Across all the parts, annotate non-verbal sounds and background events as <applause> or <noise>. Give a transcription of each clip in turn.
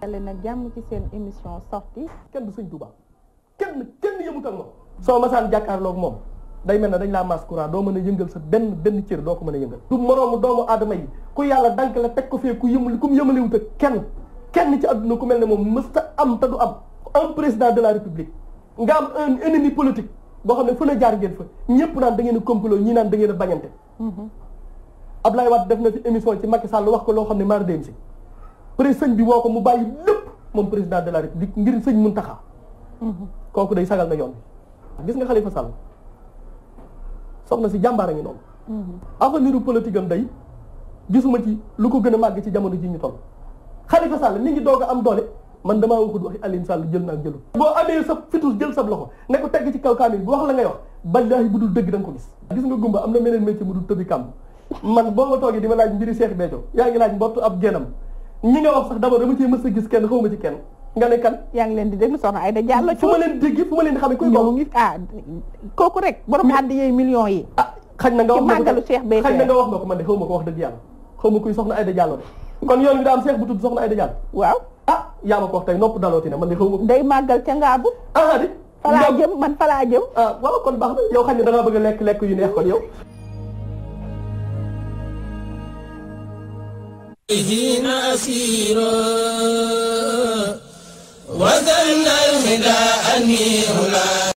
dale na jàmm ci seen émission sortie kenn du sëñ Touba kenn kenn yëmut ak moom soo masaan jàkkaarloog moom day mel ne dañ laa maas courant doo mën a yëngal sa benn benn cër doo ko mën a yëngal du moroomu doomu adama yi ku yàlla dank la teg ko fee ku yëmul ku mu yëmaliwut kenn kenn ci àdduna ku mel ne moom mësta am te du am un président de la république nga am un ennemi politique boo xam ne fu la jaar ngeen fa ñëpp naan da ngeen a complot naan da ngeen a bañante mm-hmm. Ablaye Wade def na fi émission wax ko loo xam ne maar dem si pré sëñ bi woo ko mu bàyyi lépp moom président de la république ngir sëñ Muntaxa kooku day sagal na yoon bi gis nga Xalifa Sall na si jàmbaar a ngi noonu avenir politique am day gisuma ci lu ko gën a màgg ci jamono ji ñu toll Xalifa Sall mi ngi doog a am doole man damaa waxut waxi Alioune Sall jël naa jëlu boo amee sa fitus jël sa loxo ne ko tegg ci kaw kaamil bu wax la ngay wax ballaahi bu dul dëgg da ko gis gis nga gumba am na meneen métier bu dul tëbi kàmb man boo ma toogee di ma laaj mbiri Cheikh Béthio yaa ngi laaj mbottu ñi nga wax sax d'abord dama cee mës a gis leen di déglu soxna Aïda Diallo fu ma leen dégg fu ma leen di xamee kuy ah, yi ah xañ na nga wax màggalu Cheikh Béthio xañ na nga wax ma ko man de xaw ko wax dëgg yàlla xaw ma kuy soxna Aïda Diallo de kon yoon bi daa am Cheikh bu tudd soxna Aïda Diallo waaw ah yaa ma ko wax tey nopp dalooti na man de xaw ma ko day màggal ca ngaabu ah di falaa jëm man falaa jëm ah waaw kon baax na yow xañ na da bëgg lekk lekk yu neex kon yow الجين أسيرا وذلنا الهدى أني هنا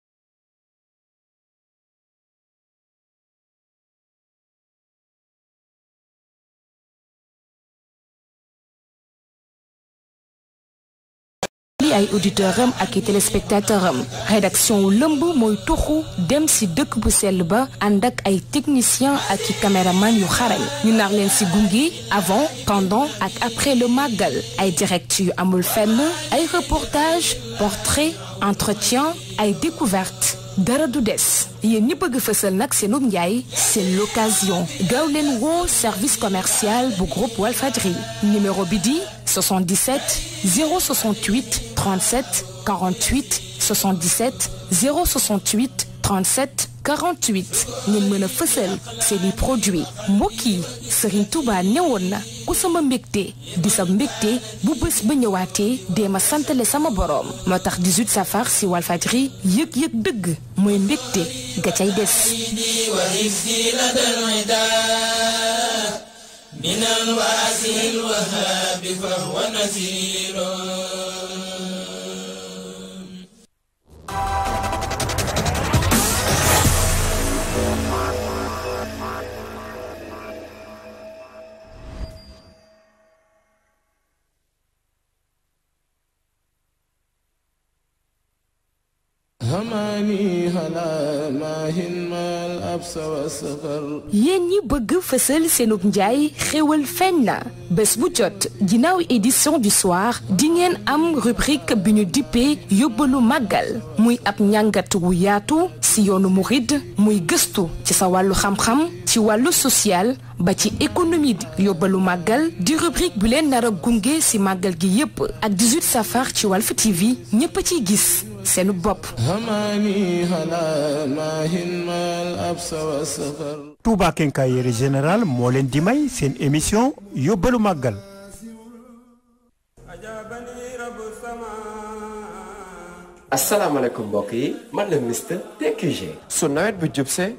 yi ay auditeurs am ak i téléspectateurs am rédaction wu lëmb mooy toxu dem si dëkk bu sell ba ànd ak ay techniciens ak i caméraman yu xarañ ñu nar leen si gungi avant pendant ak après le màggal ay direct yu amul fenn ay reportage portrait entretien ay découverte dara du des yéen ñi bëgg fësal nag seenub njaay c'est l'occasion gaaw leen woo service commercial bu groupe Walfadjri numéro bi 37 48 77 068 37 48 ngeen mën a fësal seeni produit mbokk yi Serigne Touba newoon na ku sama mbégte di sa mbégte bu bés ba ñëwaatee dee ma santale sama boroom moo tax 18 far si Walfadjri yëg-yëg dëgg mooy mbégte ga cay des من الواسع الوهاب فهو yéen ñi bëgg fësal seenub njaay xéwal feeñ na bés bu jot ginnaaw édition du soir di ngeen am rubrique bi ñu dippee yóbbalu màggal muy ab njàngat wu yaatu si yoonu murid muy gëstu ci sa wàllu xam-xam ci wàllu social ba ci économie yóbbalu màggal di rubrique bi leen nar gunge si màggal gi yépp ak 18 safar ci Walf TV ñépp a ciy gis seenu bopp Touba Quincaillerie général moo leen di may seen émission yóbbalu màggal asalaamaaleykum mbokk yi man la mister TQG su nawet bi jubsee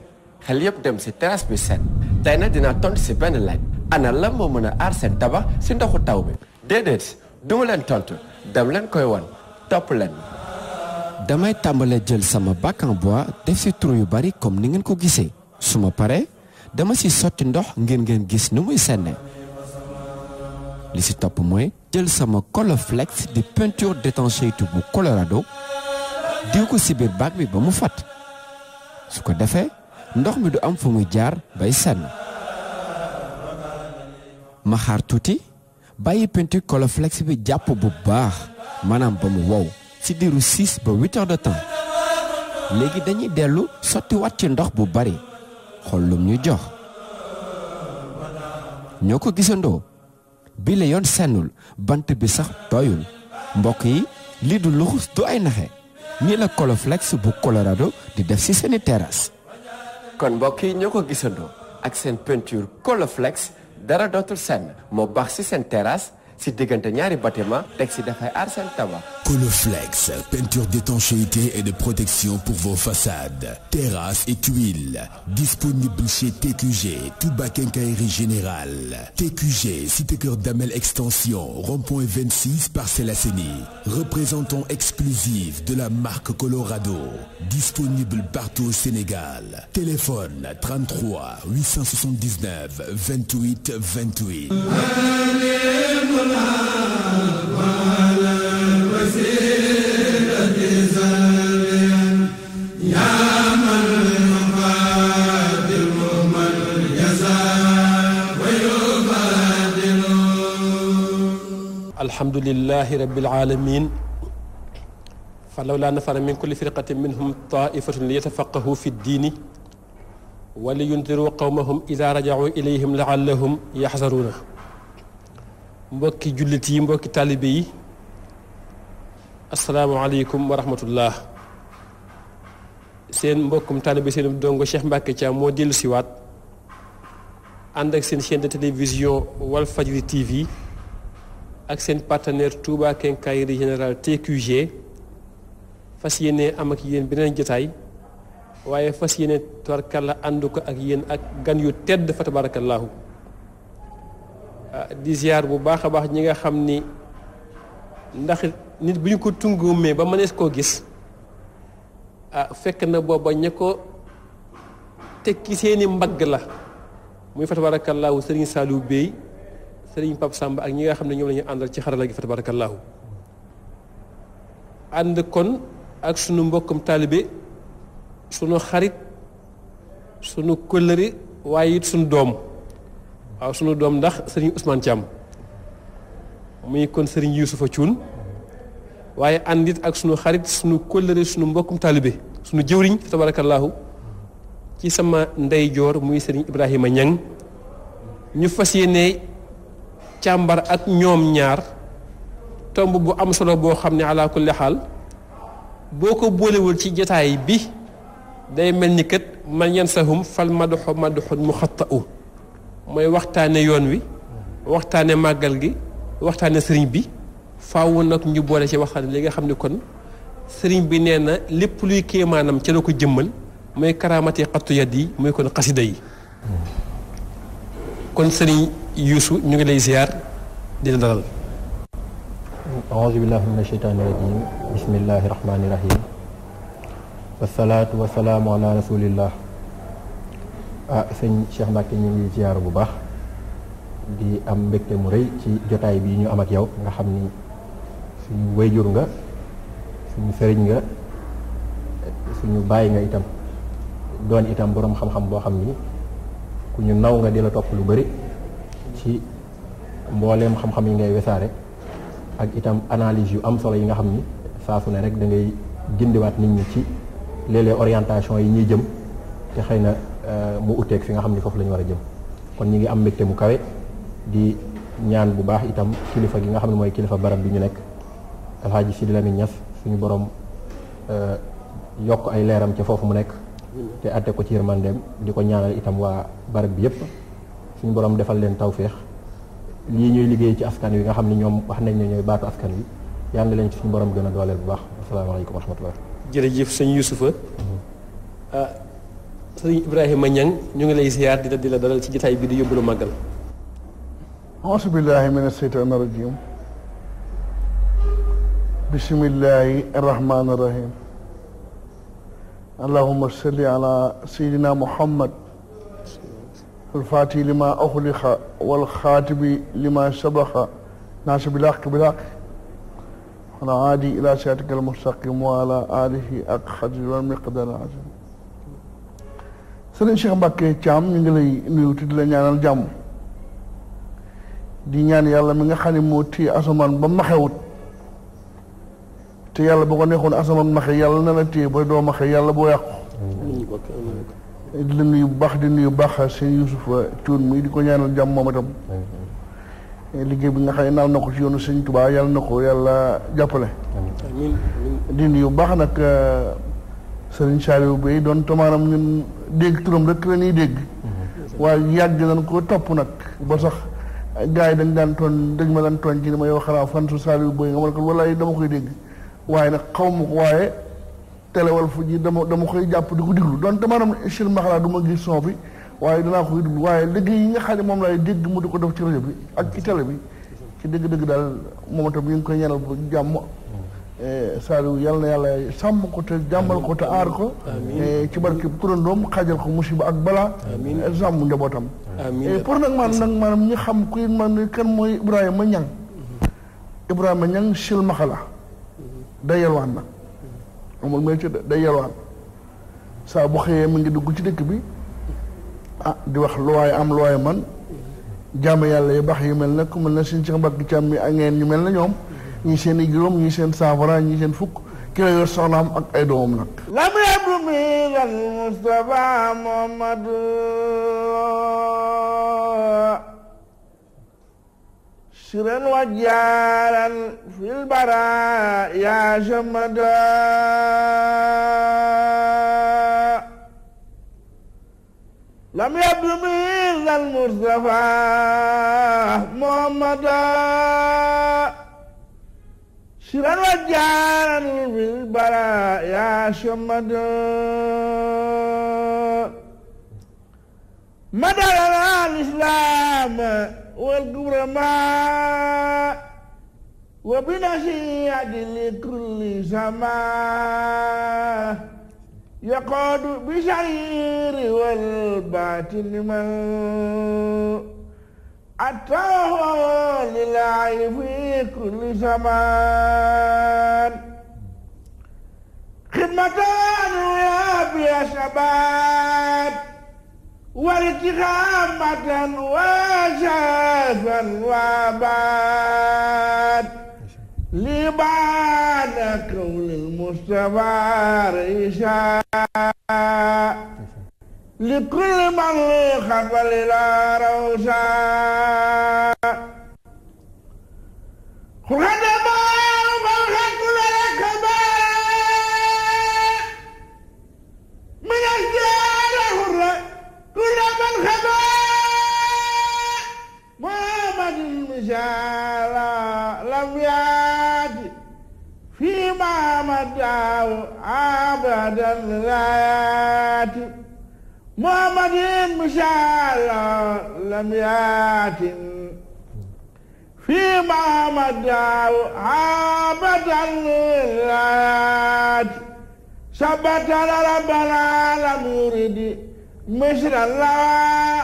xel yëpp dem si terrasse bi set tey nag dinaa tontu si benn laaj ana lan moo mën a aar seen tabax si ndoxu taw bi déedéet duma leen tontu dem leen koy wan topp leen damay tàmbalee jël sama bac en bois def ci trou yu bari comme ni ngeen ko gisee su ma paree dama ci sotti ndox ngeen ngeen gis ni muy senne li si topp mooy jël sama Colorflex di peinture d'étanchéité bu Colorado diw ko ci biir bi ba mu fat su ko defee ndox mi du am fu muy jaar bay senn ma xaar tuuti bàyyi peinture Colorflex bi jàpp bu baax maanaam ba mu wow si diiru 6 ba 8 heures de léegi dañuy dellu wat ci ndox bu bari xollum ñu jox ñoo ko gisandoo bi la yoon sennul bant bi sax tooyul mbokk yi lii du luxus du ay naxe nii la coloflex bu Colorado di def ci seeni terrasse kon mbokk yi ñoo ko gisandoo ak seen peinture coloflex dara dootul senn moo baax ci seen terrasse ci diggante ñaari bâtiment teg ci dafay aar seen tabax Coloflex, peinture d'étanchéité et de protection pour vos façades, terrasses et tuiles. Disponible chez TQG, Touba Quincaillerie Générale. TQG, Cité Cœur d'Amel Extension, rond-point 26, Parcelles Assainies. Représentant exclusif de la marque Colorado. Disponible partout au Sénégal. Téléphone 33 879 28 28. alhamdulilahi rabbil alamin fa lawlaa nafara min kulli firqatin minhum taifatun li yatafaqahu fi ddiini wa yundiru qawmahum ida rajacu ilayhim laallahum yaxsaruuna mbokki jullit yi mbokki taalibe yi asalaamualeykum wa rahmatullah seen mbokkum taalibe seen dongo Cheikh Mbacke Thiam moo dellu siwaat ànd ak seen chaîne de télévision Walfadjri TV ak seen partenaire Touba Quincaillerie Générale TQG fas yéene am ak yéen beneen jotaay waaye fas yéene tabarkalla ànd ko ak yéen ak gan yu tedd fa tabarakallaahu ah, di ziar bu baax a baax ñi nga xam ni ndax nit bu ñu ko tungumee ba mënees koo gis ah fekk na booba ña ko tekki seeni mbagg la muy fa tabarakallaahu Sëriñ Saliou Bey sëriñ Pape Samba ak ñi nga xam ne ñoom la ñu àndal ci xarala gi fa tabarakallahu ànd kon ak sunu mbokkum taalibe sunu xarit sunu këllëri waaye it sunu doom waaw sunu doom ndax sëriñ Ousmane Thiam muy kon sëriñ Youssoufa cuun waaye ànd it ak sunu xarit sunu këllëri sunu mbokkum taalibe sunu jëwriñ fa tabarakallahu ci sama ndeyjoor muy sëriñ Ibrahima Niang ñu fas yéene càmbar ak ñoom ñaar tomb bu am solo boo xam ne ala kulli xaal boo ko boolewul ci jataay bi day mel ni kët man yansahum fal madoxo madoxun mu xatta u mooy waxtaane yoon wi waxtaane màggal gi waxtaane sëriñ bi faaw nag ñu boole ci waxtaane li nga xam ne kon sëriñ bi nee na lépp luy kéemaanam ci la ko jëmmal mooy karaamati xattu yat yi muy kon xasida yi kon sëriñ Youssou ñu ngi lay ziar di la dalal aouzu billahi min asheytaani rajim bismillahi rahmaani rahim ah sëñ Cheikh Mbacke ñu ngi ziar bu baax di am mbégte mu rëy ci jotaay bii ñu am ak yow nga xam ni suñu wayjur nga suñu sëriñ nga suñu bàyyi nga itam doon itam boroom xam-xam boo xam ni ku naw nga di la topp lu bari ci mbooleem xam-xam yi ngay wesaare ak itam analyse yu am solo yi nga xam ni saa su ne rek dangay gindiwaat nit ñi ci léeg-léeg orientation yi ñuy jëm te xëy na euh, mu uteeg fi nga xam ni foofu lañu war a jëm kon ñi ngi am mbégte mu kawe di ñaan bu baax itam kilifa gi nga xam ne mooy kilifa barab bi ñu nekk alxaaji Sidi Lamine Niass suñu borom euh, yokk ay leeram ca foofu mu nekk te atte ko ci yërmandeem di ko ñaanal itam waa barab bi yépp suñ borom defal leen tawféex lii ñuy liggéey ci askan wi nga xam ne ñoom wax nañ ne ñooy baatu askan wi yàlla na leen ci suñu borom gën a dooleel bu baax asalaamaaleykum wa rahmatulah. jërëjëf sëñ Youssoufa mm-hmm. ah sëñ Ibrahima Niang ñu ngi lay ziar di la di la dalal ci jotaay bi di yóbbu lu màggal. auzu billaahi mina sheytaani rajiim bismillaahi rahmaani rahiim. allahumma salli ala sayyidina muhammad الفاتي لما أغلق والخاتم لما سبق ناس بالحق بالحق على عادي إلى سيادتك المستقيم وعلى آله أقحد والمقدار العظيم Sëriñ Cheikh Mbacke Thiam ñu ngi lay nuyu di la ñaanal jàmm di ñaan yàlla mi nga xam ne moo téye asamaan ba maxewut te yàlla bu ko neexoon asamaan maxe yàlla na la téye ba doo maxe yàlla boo yàqu di bu baax di nuyu bu baax sëñ Youssouf Thioune mi di ko ñaanal jàmm moom itam. liggéey bi nga xam naa na ko ci yoonu sëñ Touba yàlla na ko yàlla jàppale. di bu baax nag euh, sëriñ Saliou Bey doon tomaaram ñun dégg turam rek la ñuy dégg. waaye yàgg nañ ko topp nag ba sax gars yi dañ daan tooñ dañ ma daan tooñ ci ni ma yow xanaa fan su Saliou Bey nga ma ne ko walaay dama koy dégg waaye nag xaw ma ko waaye. telewal fu ji dama dama koy jàpp di ko diglu donte maanaam Chine Makhla du ma gis son bi waaye danaa koy diglu waaye liggéey yi nga xam moom laay dégg mu di ko def ci rajo bi ak ci télé bi ci dégg-dégg daal moom itam ñu ngi koy ñaanal ba jàmm. Eh, Saliou yàlla na yàlla sàmm ko te jàmmal ko te aar ko. Eh, ci barke kurandoom xaajal ko musiba ak balaa. amiin eh, sàmm njabootam. amiin pour nag maanaam nag maanaam ñi xam kuy man kan mooy Ibrahima Niang. Mm-hmm. Ibrahima Niang Chine Makhla. Mm-hmm. day yalwaan amul métier day yelwaan saa bu xëyee mu ngi dugg ci dëkk bi ah di wax lu waaye am lu waaye man jàmm yàlla yu baax yu mel ne ku mel ne suñ ci mbagg càmm mi ak ngeen ñu mel ne ñoom ñii seen i juróom ñii seen saafara ñii seen fukk ki la yor soxnaam ak ay doomam nag lam yabdu minal Mustafa Muhammadu سرا وجالا في البراء يا شمدا لم يب من المصطفى محمدا سرا وجالا في البراء يا شمدا مدلنا الإسلام والكرماء وبنصيحة لكل سماء يقعد بشعير والباطن من أتاه للعي في كل زمان خدمتان يا بيا شباب والتغامة وشافا وبات لبعد كون المصطفى رشا لكل من خبل لا روشا خلنا أحد الرايات محمد بشار لم يات في محمد عابد الرايات ثبت ربنا لم يرد مثل الله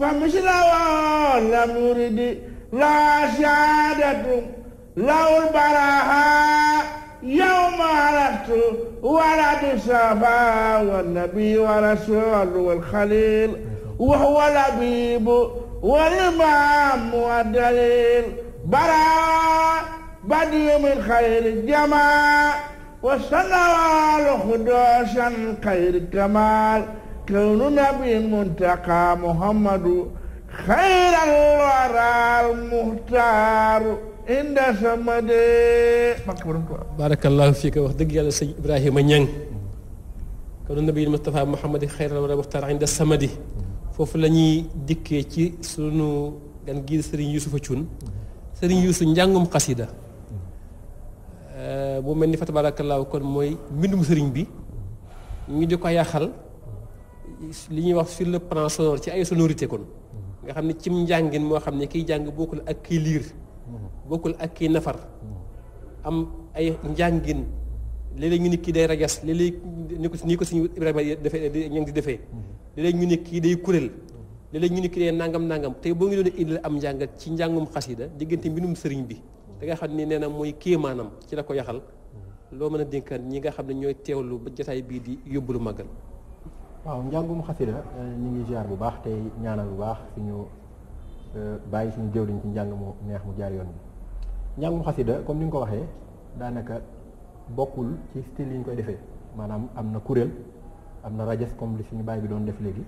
فمثله لم يرد لا شهادة له البراهات يوم عرفت ولد الصفا والنبي والرسول والخليل وهو لبيب والإمام والدليل برا بدي من خير الجمال والصلوات خدوشا خير الكمال كون نبي المنتقى محمد خير الورى المختار inda sama de barke borom Tuubaa barakallahu fiika wax dëgg yàlla sëñ Ibrahima Ñang kanu nabi Mustafa Muhammadi xayral wara waxtaar inda samadi foofu lañuy dikkee ci sunu gan gii sëriñ Yuusufa Cuun sëriñ Yuusu njàngum xasida bu euh, mel ni fa tabarakallahu kon mooy mbindum sëriñ bi ñu di ko yàqal li ñuy wax sur le plan sonore ci ay sonorité kon nga xam ne cim njàngin moo xam ne kiy jàng bokk la ak kiy liir bokkul ak kii nafar am ay njàngin léeg ñu ni kii day rajas léeg-léeg ni ko nii ko suñu Ibrahima defee ñu ngi di defee léeg ñu ni kii day kuréel léeg-léeg ñu ni kii day nangam nangam tey boo ngi doon indil am njàngat ci njàngum xasida diggante mbinum sëriñ bi da nga xam ni nee na mooy kéemaanam ci la ko yaxal loo mën a dénkaan ñi nga xam ne ñooy teewlu ba jotaay bii di yóbbu lu màggal waaw njàngum xasida ñu ngi ziar bu baax tey ñaanal bu baax suñu Euh, bàyyi suñu jëwriñ ci njàng mu neex mu jaar yoon bi njàng xasida comme ni nga ko waxee daanaka bokkul ci style yi ñu koy defee maanaam am na kuréel am na rajas comme li suñu bàyyi bi doon def léegi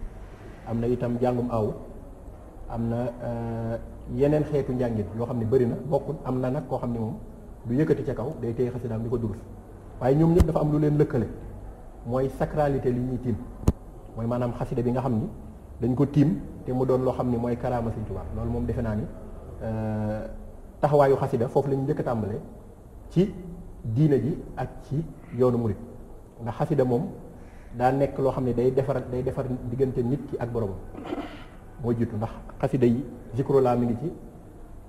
am na itam njàngum aw am na euh, yeneen xeetu njàngin loo xam ne bëri na bokkul am na nag koo xam ne moom du yëkkati ca kaw day téye xasidaam di ko durus waaye ñoom ñëpp dafa am lu leen lëkkale mooy sacralité li ñuy tiim mooy maanaam xasida bi nga xam ni dañ ko tiim te mu doon loo xam ne mooy karaama Sëñ Tuubaa loolu moom defe naa ni euh, taxawaayu xasida foofu la ñu njëkk a ci diina ji ak ci yoonu murit ndax xasida moom daa nekk loo xam ne day defar day defar diggante nit ki ak boromam moo jiitu ndax xasida yi zikrullah mi ngi ci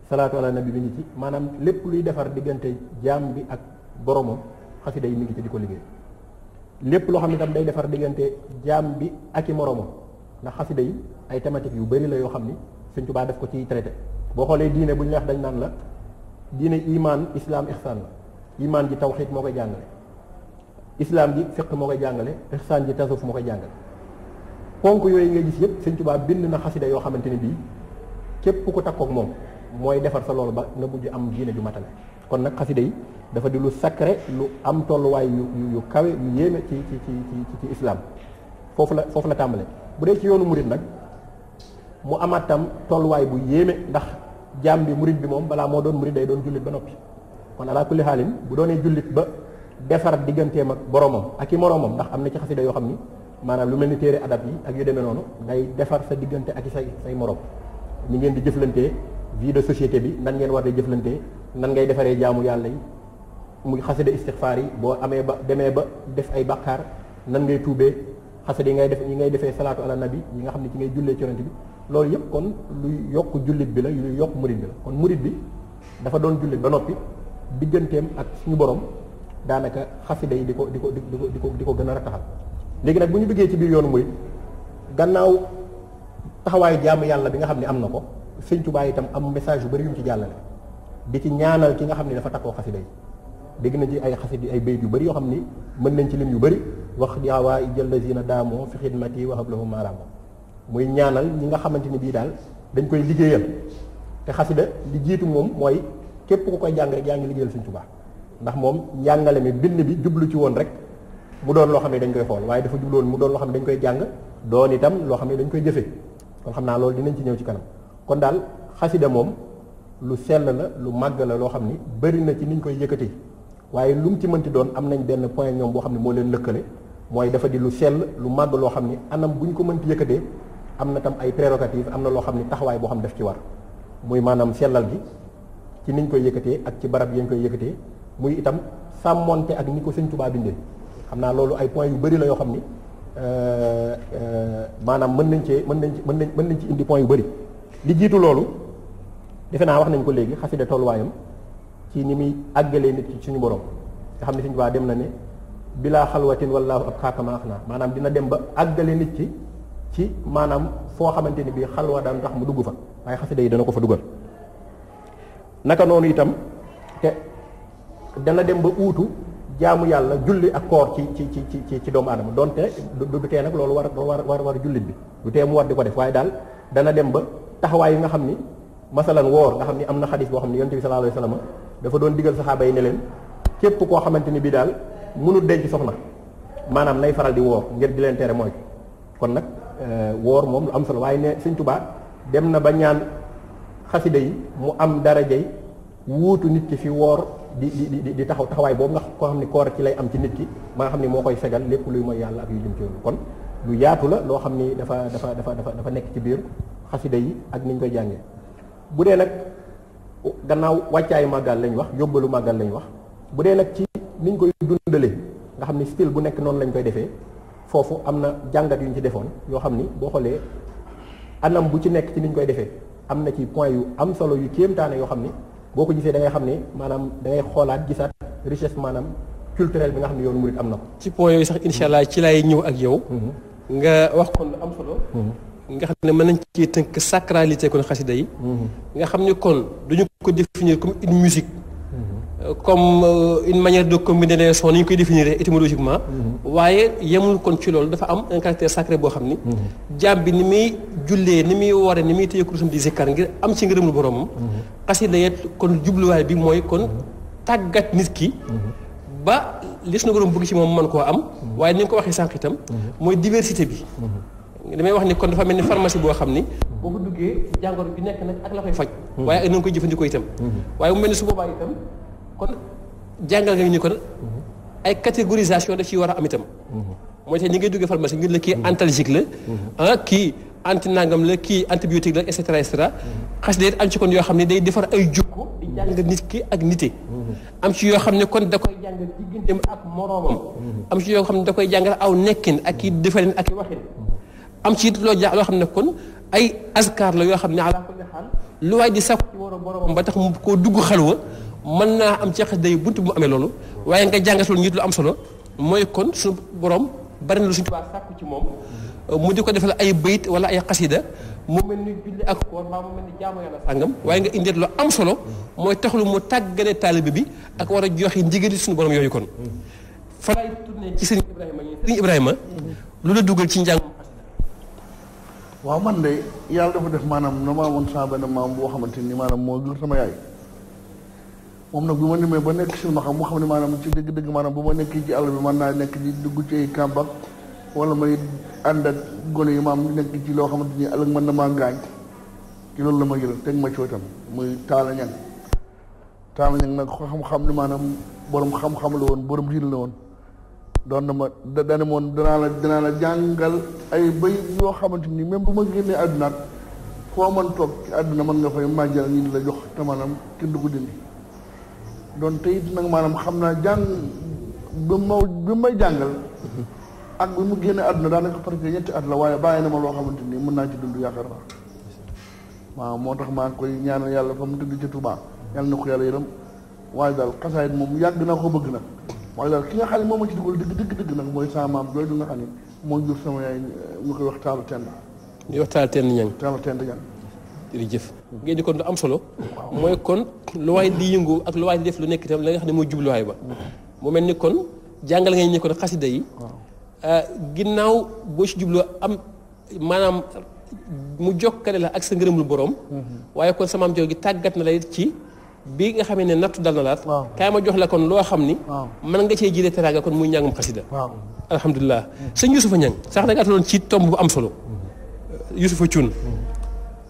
salaatu ala nabi mi ci maanaam lépp luy defar diggante jaam bi ak boromam xasida yi mi ngi ci di ko liggéey lépp loo xam ne tam day defar diggante jaam bi ak i moromam ndax xasida yi ay thématiques yu bari la yoo xam ni Sëñ Tuubaa def ko ci traité boo xoolee diine bu ñu wax dañ naan la diine iman islam ihsan la iman ji tawxiid moo koy jàngale islam ji fiq moo koy jàngale ihsan ji tasawuf moo koy jàngale ponk yooyu ngay gis yëpp Sëñ Tuubaa bind na xasida yoo xamante ni bii képp ku takkook moom mooy defar sa loolu ba nga mujj am diine ju matale kon nag xasida yi dafa di lu sacré lu am tolluwaay yu yu kawe yu yéeme ci ci ci ci ci foofu la foofu la tàmbale bu dee ci yoonu murit nag mu amaat tam tolluwaay bu yéeme ndax jaam bi murit bi moom balaa moo doon murit day doon jullit ba noppi kon alaa kulli xaalin bu doonee jullit ba defar digganteem ak boromam ak i moromam ndax am na ci xasida yoo xam ni maanaam lu mel ni téere adab yi ak yu demee noonu ngay defar sa diggante ak i say say morom ni ngeen di jëflantee vie de société bi nan ngeen war di jëflantee nan ngay defaree jaamu yàlla yi muy xasida istixfaar yi boo amee ba demee ba def ay bàkkaar nan ngay tuubee xasida yi ngay def yi ngay defee salaatu ala nabi yi nga xam ne ci ngay jullee ci bi loolu yëpp kon luy yokk jullit bi la yu yokk murit bi la kon murit bi dafa doon jullit ba noppi digganteem ak suñu borom daanaka xasida yi di ko di ko di ko di ko di ko gën a rattaxal léegi nag bu ñu duggee ci biir yoonu murit gannaaw taxawaayu jaamu yàlla bi nga xam ne am na ko Sëñ itam am message yu bari yu mu ci jàllale di ci ñaanal ki nga xam ne dafa takkoo xasida yi dégg nañ ci ay xasida ay bayit yu bëri yoo xam ni mën nañ ci lim yu bëri wax di awaa i jël lazina daamoo fi xidmati wa hablahum maaraamoo muy ñaanal ñi nga xamante ni bii daal dañ koy liggéeyal te xasida li jiitu moom mooy képp ku koy jàng rek yaa ngi liggéeyal Sëñ Tuubaa ndax moom jàngale mi bind bi jublu ci woon rek mu doon loo xam ne dañ koy xool waaye dafa jublu woon mu doon loo xam ne dañ koy jàng doon itam loo xam ne dañ koy jëfee kon xam naa loolu dinañ ci ñëw ci kanam kon daal xasida moom lu sell la lu màgg la loo xam ni bëri na ci niñ koy yëkkati waaye lu mu ci mënti doon am nañ benn point ñoom boo xam ne moo leen lëkkale mooy dafa di lu sell lu màgg loo xam ni anam bu ñu ko mënti yëkkatee am na tam ay prérogative am na loo xam ni taxawaay boo xam daf ci war muy maanaam sellal gi ci niñ koy yëkkatee ak ci barab yañ koy yëkkatee muy itam sàmmonte ak ni ko sëñ Tuubaa bindee xam naa loolu ay points yu bëri la yoo xam ni euh, euh, maanaam mën nañ cee mën nañ ci mën nañ mën nañ ci indi points yu bari li jiitu loolu defe naa wax nañ ko léegi xasida tolluwaayam ci ni muy àggalee nit suñu borom nga xam ne sëñ Tuubaa dem na ne bilaa xalwatin wallaahu ab xaakama ax naa maanaam dina dem ba àggale nit ki ci maanaam foo xamante ni bii xalwa daan tax mu dugg fa waaye xasida yi dana ko fa dugal noonu itam te dana dem ba uutu jaamu yàlla julli ak koor ci ci ci ci ci doomu aadama donte du tee nag loolu war war war war jullit bi du tee mu war di ko def waaye daal dana dem ba taxawaay yi nga xam ni masalan woor nga xam ni am na xadis boo xam ni yonent bi sallallahu alayhi wasallam dafa doon digal saxaaba yi ne leen képp koo xamante ni bi daal mënul denc soxna maanaam nay faral di woor ngir di leen tere mooy kon nag euh, woor moom lu am solo waaye ne sëñ Tuubaa dem na ba ñaan xasida yi mu am dara darajay wuutu nit ki fi woor di di di taxaw taxawaay boobu nga koo xam ne koor ci lay am ci nit ki ba nga xam ne moo koy fegal lépp luy mooy yàlla ak yu jëm ci yoonu kon lu yaatu la loo xam ni dafa dafa dafa dafa dafa nekk ci biir xasida yi ak ni ñu koy jàngee bu dee nag gannaaw wàccaayu màggal lañ wax yóbbalu màggal lañ wax bu dee nag ci niñ koy dundalee nga xam ni style bu nekk noonu lañ koy defee foofu am na jàngat yu ci defoon yoo xam ni boo xoolee anam bu ci nekk ci niñ koy defee am na ci point yu am solo yu taane yoo xam ni boo ko gisee da ngay xam ne maanaam dangay ngay xoolaat gisaat richesse maanaam culturelle bi nga xam ne yoonu murit am na ko. ci point yooyu sax incha allah ci lay ñëw ak yow. Mhm. nga wax kon lu am solo. Mhm. nga xam ne mën nañ ci tënk sacralité kon xasida yi. Mhm. nga xam ne kon duñu ko définir comme une comme euh, une manière de combiner les sons ni ñu koy définir étymologiquement. Mm-hmm. waaye yemul kon ci loolu dafa am un caractère sacré boo xam ni. Mm-hmm. jaam bi ni muy jullee ni muy wooree ni muy téye kurusam di zikkar ngir am ci ngërëmul boromam. Mm-hmm. xasida yet kon jubluwaay bi mooy kon tàggat nit ki. ba li suñu borom bëgg ci moom mën koo am. waaye ni nga ko waxee sànq itam. mooy diversité bi. damay wax ni kon dafa mel ni pharmacie boo xam ni. boo ko duggee jàngoro bi nekk faj. waaye na nga jëfandikoo itam. waaye mu kon jàngal nga ñu kon ay catégorisation da ciy war a am itam. Mm-hmm. mooy te ñi ngay duggee pharmacie ñu la kii mm-hmm. antalgique la. Mm-hmm. ah kii anti nangam la kii antibiotique la et cetera et cetera. xas de am ci kon yoo xam ne day defar ay jukko di nit ki ak nite. am ci yoo xam ne kon da koy jàngal digganteem ak moroomam. am ci yoo xam ne da koy jàngal aw nekkin ak i defarin ak i waxin. am ci loo jaa loo xam ne kon ay askar la yoo xam ne ala kulli lu waay di sakku ci woro boromam ba tax mu koo dugg xalwa man naa am ci xasida yi buntu bu mu amee loolu waaye nga jàngat loolu nit lu am solo mooy kon suñu borom bari na lu suñu tubaab sàkku ci moom mu di ko defal ay bayit wala ay xasida mu mel ni julli ak koor mbaa ni jaamu yàlla sàngam waaye nga indeet lu am solo mooy taxlu mu tàggale taalibe bi ak war a joxe ndigali suñu yooyu kon fa lay Ibrahima sëriñ Ibrahima lu la dugal ci njàng waaw man de yàlla dafa def maanaam na ma amoon sama benn maam boo xamante ni maanaam moo dul sama yaay moom nag bi ma demee ba nekk si ma xam mu xam ne maanaam ci dëgg-dëgg maanaam bu ma nekkee ci àll bi mën naa nekk di dugg ci ay kàmb ak wala may ànd ak gone yi maam nekk ci loo xamante ni ëllëg mën na maa ci loolu la ma jël teg ma ci wetam muy Talla Niang Talla Niang nag xam-xam ne maanaam borom xam-xam woon borom diin la woon doon na ma da daan moon la danaa la jàngal ay bay yoo xamante ni même bu ma génnee àddunaat foo toog ci àdduna mën nga fay màjjal ñu la jox te maanaam kenn du dindi doon te it nag maanaam xam naa jàng bi ma bi may jàngal ak bi mu génne àdduna daanaka parce que ñetti at la waaye bàyyi na ma loo xamante ni mën naa ci dund yaakaar naa waaw moo tax maa ngi koy ñaanal yàlla fa mu tëdd ci Tuubaa yàlla na ku yàlla yërëm waaye daal xasaayit moom yàgg naa ko bëgg na waaye daal ki nga xam moom ma ci dugal dëgg dëgg dëgg nag mooy sama maam jooy du nga xam ne moo jur sama yaay ñu koy wax taalu tend ñu wax taalu tend ñang taalu tend ñang ngay di kon lu am solo mooy kon lu waay di yëngu ak lu waay di def lu nekk itam la nga xam ne mooy jubluwaay ba mu mel ni kon jàngal nga ñu kon xasida yi ah, ginnaaw boo ci jubloo am maanaam mu jokkale la ak sa ngërëmul borom. Mm-hmm. waaye kon sama am joo gi na la ci bi nga xam ne nattu dal ma jox la kon loo xam ni. mën nga cee jëlee teraanga kon muy njàngum xasida. waaw alhamdulilah mm-hmm. sëñ Yusufa Ñang sax da ngaa doon ci tomb bu am solo. Mm-hmm. Yusufa Cuun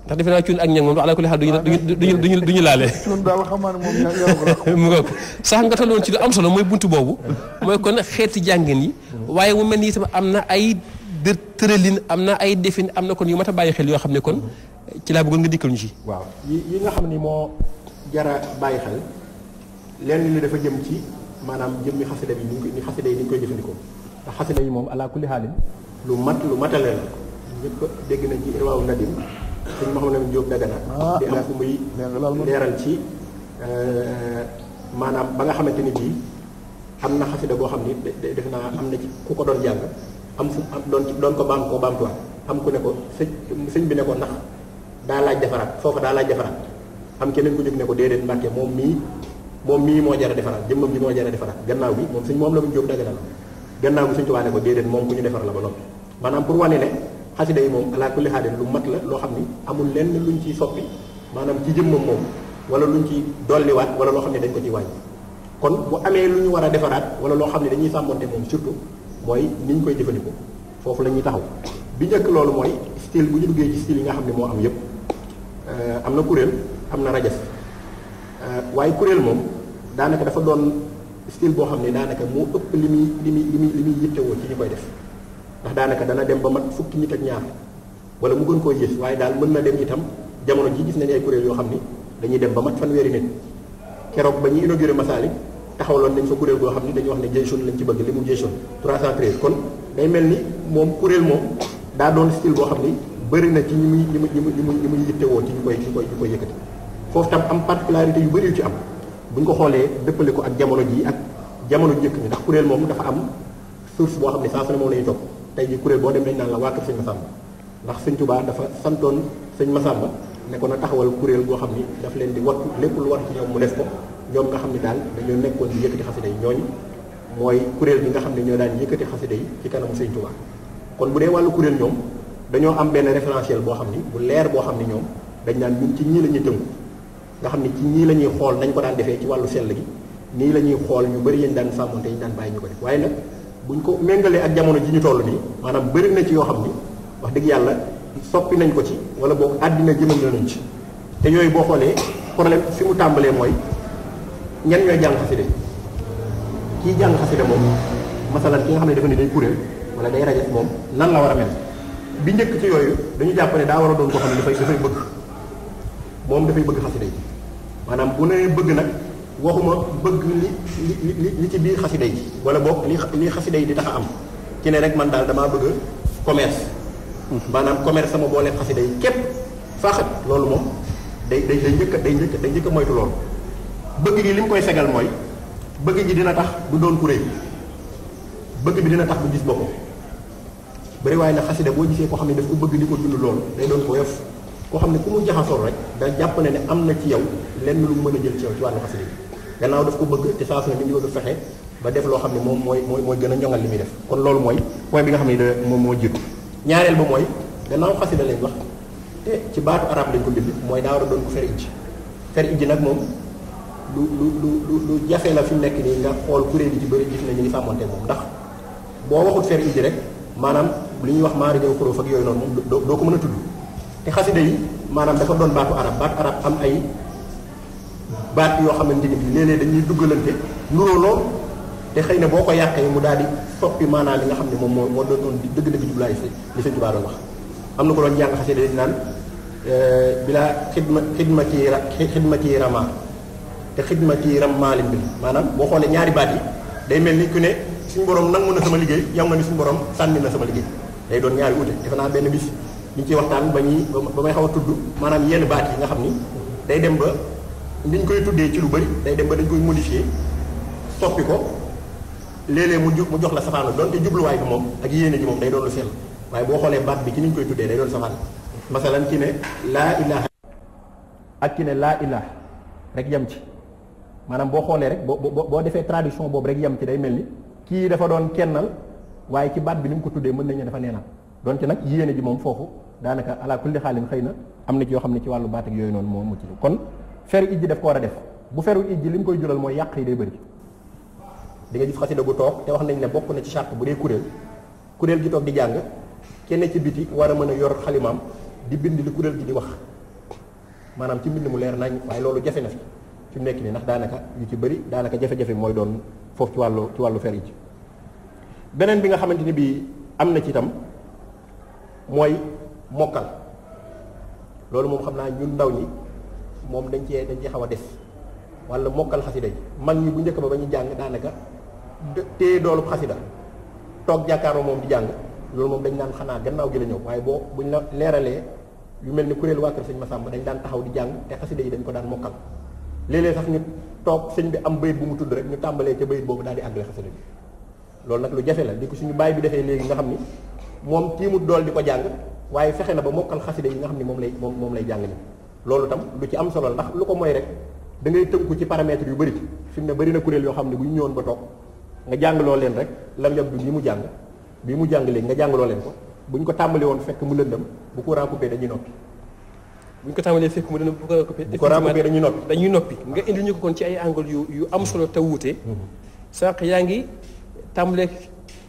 ndax defe naa cuun ak ñang moom ala kulli xaal duñu duñu duñu duñu laale <laughs> mu nga sax nga ci lu am solo mooy buntu boobu mooy kon xeeti jàngin yi waaye mu mel ni sama am na ay dër tëralin am na ay defin am na kon yu mat a bàyyi xel yoo xam ne kon ci laa bëggoon nga dikkal ci waaw yi nga xam ni moo jara bàyyi xel lenn li dafa jëm ci maanaam jëm mi xasida bi ni xasida yi ni ñu koy jëfandikoo ndax xasida yi moom ala kulli xaalin lu mat lu matale la sëñ Mouhamadou Lamine Diop Dagana ah. di élève muy leeral ci euh, maanaam ba nga xamante ni bii am na xasida boo xam ni def naa am na ci ku ko doon jàng am fu am doon doon ko baam koo baamtuwaat am ku ne ko sëñ sëñ bi ne ko ndax daa laaj defaraat foofa daa laaj defaraat am keneen ku jóg ne ko déedéet Mbàkke moom mii moom mii moo jar a defaraat jëmmam ji moo jar a defaraat gannaaw bi moom sëñ moom la mu Diop Dagana gannaaw bi sëñ Tuubaa ne ko déedéet moom ku ñu defar la ba noppi maanaam pour wane ne xasida yi moom alaa kulli lu mat la loo xam ni amul lenn luñ ciy soppi maanaam ci jëmmam moom wala luñ ci dolliwaat wala loo xam ne dañ ko ciy kon bu amee lu ñu war a defaraat wala loo xam ne dañuy sàmmonte moom surtout mooy ni ñu koy jëfandikoo foofu la ñuy taxaw bi njëkk loolu mooy style bu ñu duggee ci style yi nga xam ne moo am yépp euh, am na kuréel am na rajas euh, waaye kuréel moom daanaka dafa doon style boo xam ne daanaka moo ëpp li muy li muy li muy li muy yittewoo ci ñu koy def ndax daanaka dana dem ba mat fukki nit ak ñaar wala mu gën koo yées waaye daal mën na dem itam jamono ji gis nañ ay kuréel yoo xam ni dañuy dem ba mat fan fanweeri nit keroog ba ñuy inauguré Masalik taxawaloon nañ fa kuréel goo xam ni dañu wax ne jaysun lañ ci bëgg li mu jaysun 313 kon day mel ni moom kuréel moom daa doon style boo xam ni bëri na ci ñi muy ñi muy ñi muy ñi muy yittewoo ci ñu koy ñu koy ñu koy yëkkati foofu tam am particularité yu bëri yu ci am bu ñu ko xoolee dëppale ko ak jamono ji ak jamono jëkk kuréel moom dafa am source boo xam ne saa su ne moom la ñu tey ji kuréel boo dem dañ naan la waa kër sëñ Massamba ndax sëñ Touba dafa santoon sëñ Massamba ne ko na taxawal kuréel boo xam ni daf leen di wat lépp lu war ci ñoom mu def ko ñoom nga xam ne daal dañoo nekkoon di yëkkati xasida yi ñooñu mooy kuréel bi nga xam ne ñoo daan yëkkati xasida yi ci kanam sëñ Touba kon bu dee wàllu kuréel ñoom dañoo am benn référentiel boo xam ni bu leer boo xam ni ñoom dañ naan ñun ci ñii la ñuy tënku nga xam ni ci ñii la ñuy xool nañ ko daan defee ci wàllu sell gi nii la ñuy xool ñu bari yéen daan sàmmonte yi daan bàyyi ñu ko def waaye buñ ko mengalee ak jamono ji ñu toll nii maanaam bëri na ci yoo xam ni wax dëgg yàlla soppi nañ ko ci wala boog àddina jëmal na nañ ci te yooyu boo xoolee problème fi mu tàmbalee mooy ñan ñooy jàng xasida kii jàng xasida moom masalan ki nga xam ne dafa ne day kuréel wala day rajas moom nan la war a mel bi njëkk ci yooyu dañu jàpp ne daa war a doon koo xam ne dafay dafay bëgg moom dafay bëgg xasida yi maanaam bu nee bëgg nag waxuma bëgg li li li li ci biir xasida yi wala boog li li xasida yi di tax am ci ne rek man daal damaa bëgg commerce maanaam commerce sama boolee xasida yi képp faaxat loolu moom day day day njëkk day njëkk day njëkk moytu loolu bëgg gi li koy segal mooy bëgg gi dina tax du doon kuréel bëgg bi dina tax bu gis boppam bëri waaye na xasida boo gisee koo xam ne daf ko bëgg di ko dund loolu day doon ko yof koo xam ne ku mu jaxasoon rek da jàpp na ne am na ci yow lenn lu mën a jël ci yow ci wàllu xasida yi gannaaw daf ko bëgg te saa su ne mi a fexe ba def loo xam ne moom mooy mooy mooy gën a ñoŋal li muy def kon loolu mooy point bi nga xam ne da moom moo ñaareel ba mooy gannaaw xasida lañ wax te ci baatu arab lañ ko bind mooy daa war doon ko fer ijji fer ijji nag moom lu lu lu lu jafe la fi mu nekk nii nga xool kuréel yi ci bëri gis nañu ni sàmmonte moom ndax boo waxul fer ijji rek maanaam lu ñuy wax maari jow xorof ak yooyu noonu moom doo ko mën a tudd te xasida yi maanaam dafa doon baatu arab baatu arab am ay baat yoo xamante ni bii léeg dañuy duggalante nuroo lool te xëy na boo ko yàqee mu daal di soppi maanaam li nga xam ne moom moo moo doon di dëgg-dëgg jublaay si li sëñ Tuubaa doon wax am na ko doon jàng xasee di naan euh, bilaa xidma xidma ci ra xidma ci rama te xidma ci ram maalim bi maanaam boo xoolee ñaari baat yi day mel ni ku ne suñu borom nangu na sama liggéey yow nga ni suñu borom sànni na sama liggéey day doon ñaari ute def naa benn bis ñu ciy waxtaan ba ñuy ba may xaw a tudd maanaam yenn baat yi nga xam ni day dem ba ni koy tuddee ci lu bëri day dem ba dañ koy modifier soppi ko léeg-léeg mu mu jox la safaanu donte jubluwaay bi moom ak yéene ji moom day doon lu sell boo xoolee baat bi ci ni ñu koy tuddee day doon safaan masalan ci ne laa ilaha ak ci ne laa ilaha rek yem ci maanaam boo xoolee rek boo boo defee boobu rek yem ci day mel ni kii dafa doon kennal waaye ci baat bi ni mu ko tuddee mën nañu dafa neenal donte nag yéene ji moom foofu daanaka ala kulli xaalin xëy na am na ci yoo xam ne ci wàllu baat yooyu noonu moo mucc kon feru ijji def ko war a def bu feru ijji li mu koy jural mooy yàq yi day bëri di nga gis xasida gu toog te wax nañ ne bokk na ci charte bu dee kuréel kuréel gi toog di jàng kenn ci biti war a mën a yor xalimaam di bind li kuréel gi di wax maanaam ci mbind mu leer nañ waaye loolu jafe na fi fi mu nekk nii ndax daanaka yu ci bari daanaka jafe-jafe mooy doon foofu ci wàllu ci wàllu fer yi beneen bi nga xamante ni bii am na ci itam mooy mokkal loolu moom xam naa ñun ndaw ñi moom dañ cee dañ cee xaw a des wala mokkal xasida yi mag ñi bu njëkk ba ba ñu jàng daanaka téye doolub xasida toog jàkkaaroo moom di jàng loolu moom dañ naan xanaa gannaaw gi la ñëw waaye boo buñ la leeralee yu mel ni kuréel waa kër ma Massamba dañ daan taxaw di jàng te xasida yi dañ ko daan mokkal léeg-léeg sax ñu toog sëñ bi am bayit bu mu tudd rek ñu tàmbalee ca bayit boobu daal di àggale xasida bi loolu nag lu jafe la di ko suñu bàyyi bi defee léegi nga xam ni moom kii mu dool di ko jàng waaye na ba mokkal xasida yi nga xam ni moom lay moom moom lay jàng loolu tam lu ci am solo ndax lu ko mooy rek da ngay tënku ci paramètres yu bëri fi mu ne bëri na kuréel yoo xam ne bu ñu ñëwoon ba toog nga jàngaloo leen rek lan yam bi ñi mu jàng bii mu jàng léegi nga jàngaloo leen ko bu ñu ko tàmbali woon fekk mu lëndëm bu courant coupé dañuy noppi bu ñu ko tàmbalee fekk mu lëndëm bu courant coupé dañuy noppi dañuy noppi nga indi ñu ko kon ci ay angle yu yu am solo te wuute mm-hmm. sànq yaa ngi tàmbalee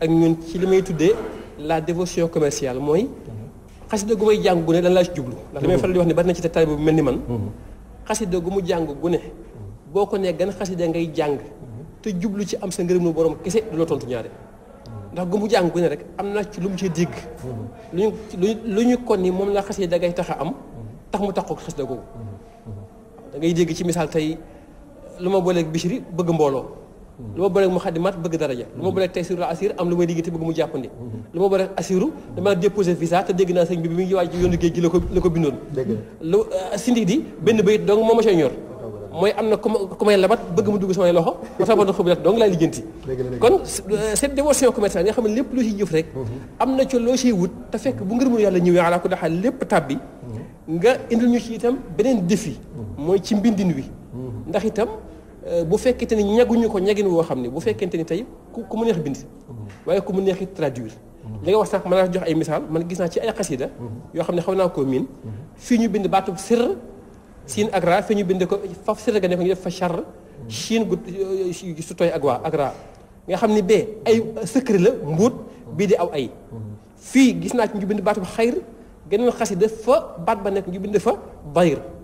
ak ñun ci li may tuddee la dévotion commerciale mooy mm-hmm. xasida gu may jàng gune lan laa ci jublu ndax damay mhm. faral di wax ne bari na ci te taalibe bu mel ni man mhm. xasida gu mu jàng gune boo ko ne gan xasida ngay jàng te jublu ci am sa ngërëm lu borom kese du la tontu ñaare mhm. ndax gu mu jàng gune rek am na ci lu mu ci dégg luñu lu ñu kon ni moom la xasida ngay tax a am tax mu taxoo xasida googu da ngay dégg ci misaal tey lu ma booleeg Bichri bëgg mbooloo lu ma booleeg muxaddimaat bëgg daraja lu ma booleeg taysiru la assir am lu may liggéey bëgg mu jàppandi lu ma booleeg assiru dama déposé visa te dégg naa sëñ bi mi ngi waaj yoonu géej gi la ko la ko bindoon lu euh, sindi di benn bayit donc moo ma see ñor mooy am na ku may labat bëgg mu dugg samay loxo ba tabax na xubirat lépp mhm. na ci tàbbi mhm. nga indil ñu ci itam beneen défi mhm. mooy ci mbindin wi ndax itam Euh, bu fekkente ni ñaguñu ko ñagin woo xam ne bu fekkente ni tey ku ku mu neex bind mhm. waaye ku mu neex it traduire mhm. li nga wax sax mën naa jox ay misaal man gis naa ci ay xasida mhm. yoo xam ne xaw naa koo miin fii ñu bind baatub sir siin ak raa ñu bind ko faf sir ko ñu def fa char chiin gu su tooy ak waa ak raa nga xam ne bee ay secret la mbuut bii di aw ay fii gis naa ci ñu bind baatub xayr geneen xasida fa baat ba nekk ñu bind fa bayr